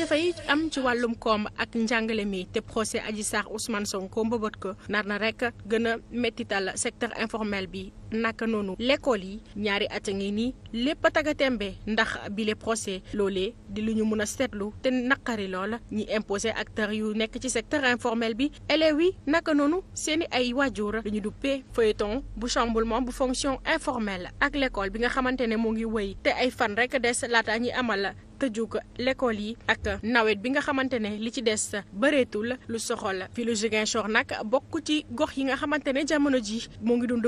dafay am ci wàllum koom ak njàngale mi te procès Adji Sarr Ousmane Sonko mbëbët ko nar na rek gën a méttital secteur informel bi naka noonu lekkool yi ñaari at a ngi nii lépp a tembe ndax bile procès loole di lu ñu mun a seetlu te naqari loola ñi imposé acteurs yu nekk ci secteur informel bi élèves yi naka noonu seeni ay waajur dañu duppee feuilleton bu chamboulement bu fonction informelle ak l'école bi nga xamante ne moo ngi wéy te ay fan rek des laata ñuy amal tëjug lekkool yi ak nawet bi nga xamante ne li ci des bëreetul lu soxol fi lu Ziguinchor nag bokk ci gox yi nga xamante ne jamono ji moo ngi dund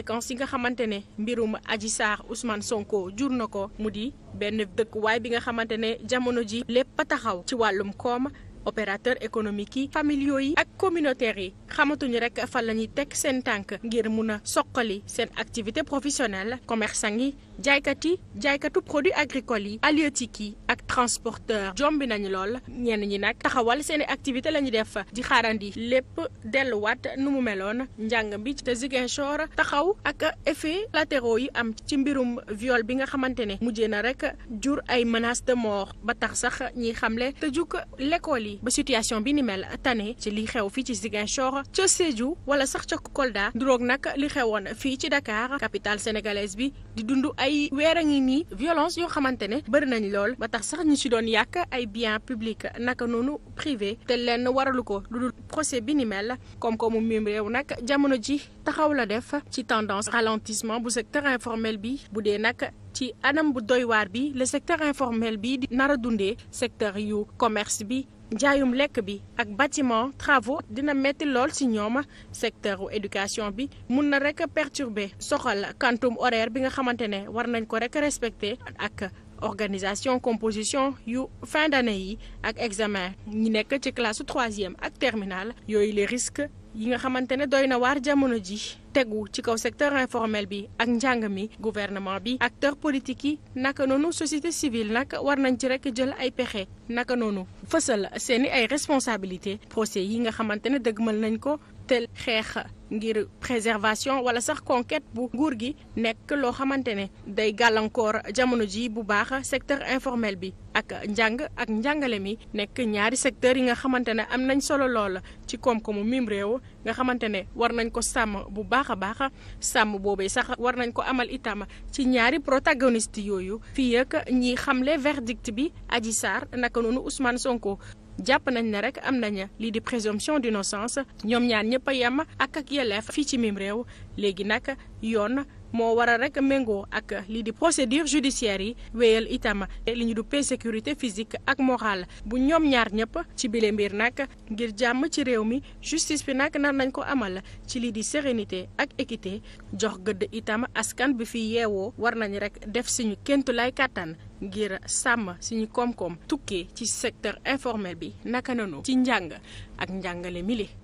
conséquences yi nga xamante ne mbirum Adji Sarr Ousmane Sonko jur na ko mu di benn dëkkuwaay bi nga xamante ne jamono ji lépp a taxaw ci wàllum koom opérateur économique yi familiaux yi ak communautaire yi xamatuñu rek fan la ñuy teg seen tànk ngir mun a soqali seen activité professionnelle commerçant yi jaaykat yi jaaykatu produits agricoles yi halieutiques yi ak transporteur jombi nañu lool ñenn ñi nag taxawal seen i activité la ñu def di xaarandi lépp delluwaat nu mu meloon njàng bi te Ziguinchor taxaw ak effet latéraux yi am ci mbirum viol bi nga xamante ne mujjee na rek jur ay menaces de mort ba tax sax ñiy xamle te juk l'école yi ba situation bi ni mel tane ci li xew fii ci Ziguinchor ca Sédhiou wala sax ca Kolda duroog nag li xewoon fii ci dakaar capitale sénégalaise bi di dund ay weer a ngi nii violence yoo xamante ne bëri nañ lool ba tax sax ñu si doon yàq ay bien publics naka noonu privé te lenn waralu ko lu dul procès bi ni mel comme que mu mim réew nag jamono ji taxaw la def ci tendance ralentissement bu secteur informel bi bu dee nag ci anam bu doy waar bi le secteur informel bi di nar a dundee secteur yu commerce bi njaayum lekk bi ak bâtiment travaux dina metti lool ci ñoom secteur u éducation bi mun na rek perturber soxal quantum horaire bi nga xamante ne war nañ ko rek respecter ak organisation composition yu fin d'année yi ak examen ñi nekk ci classe troisième ak terminal yooyu les risques yi nga xamante ne doy na waar jamono ji tegu ci kaw secteur informel bi ak njàng mi gouvernement bi acteur politique yi naka noonu société civile nag war nañ ci rek jël ay pexe naka noonu fësal seeni ay responsabilité procès yi nga xamante ne dëgmal nañ ko jiital xeex ngir préservation wala sax conquête bu nguur gi nekk loo xamante ne day gàllankoor jamono ji bu baax secteur informel bi ak njàng ak njàngale mi nekk ñaari secteurs yi nga xamante ne am nañ solo lool ci koom-koomu mim réew nga xamante ne war nañ ko sàmm bu baax a baax sàmm boobee sax war nañ ko amal itam ci ñaari protagoniste yooyu fii ak ñi xamle verdict bi Adji Sarr naka noonu Ousmane Sonko jàpp nañ ne rek am nañ lii di présomption d'innocence ñoom ñaar ñëpp a yem ak ak yelleef fii ci mim réew léegi nag yoon moo waral rek méngoo ak lii di procédure judiciaire yi wéyal itam li ñu duppee sécurité physique ak morale bu ñoom ñaar ñëpp ci bile mbir nag ngir jàmm ci réew mi justice bi nag nar nañ ko amal ci lii di sérénité ak équité jox gëdd itam askan bi fi yeewoo war nañu rek def suñu kentu lay kàttan ngir sàmm suñu koom-koom tukkee ci secteur informel bi naka nanu ci njàng ak njàngale mili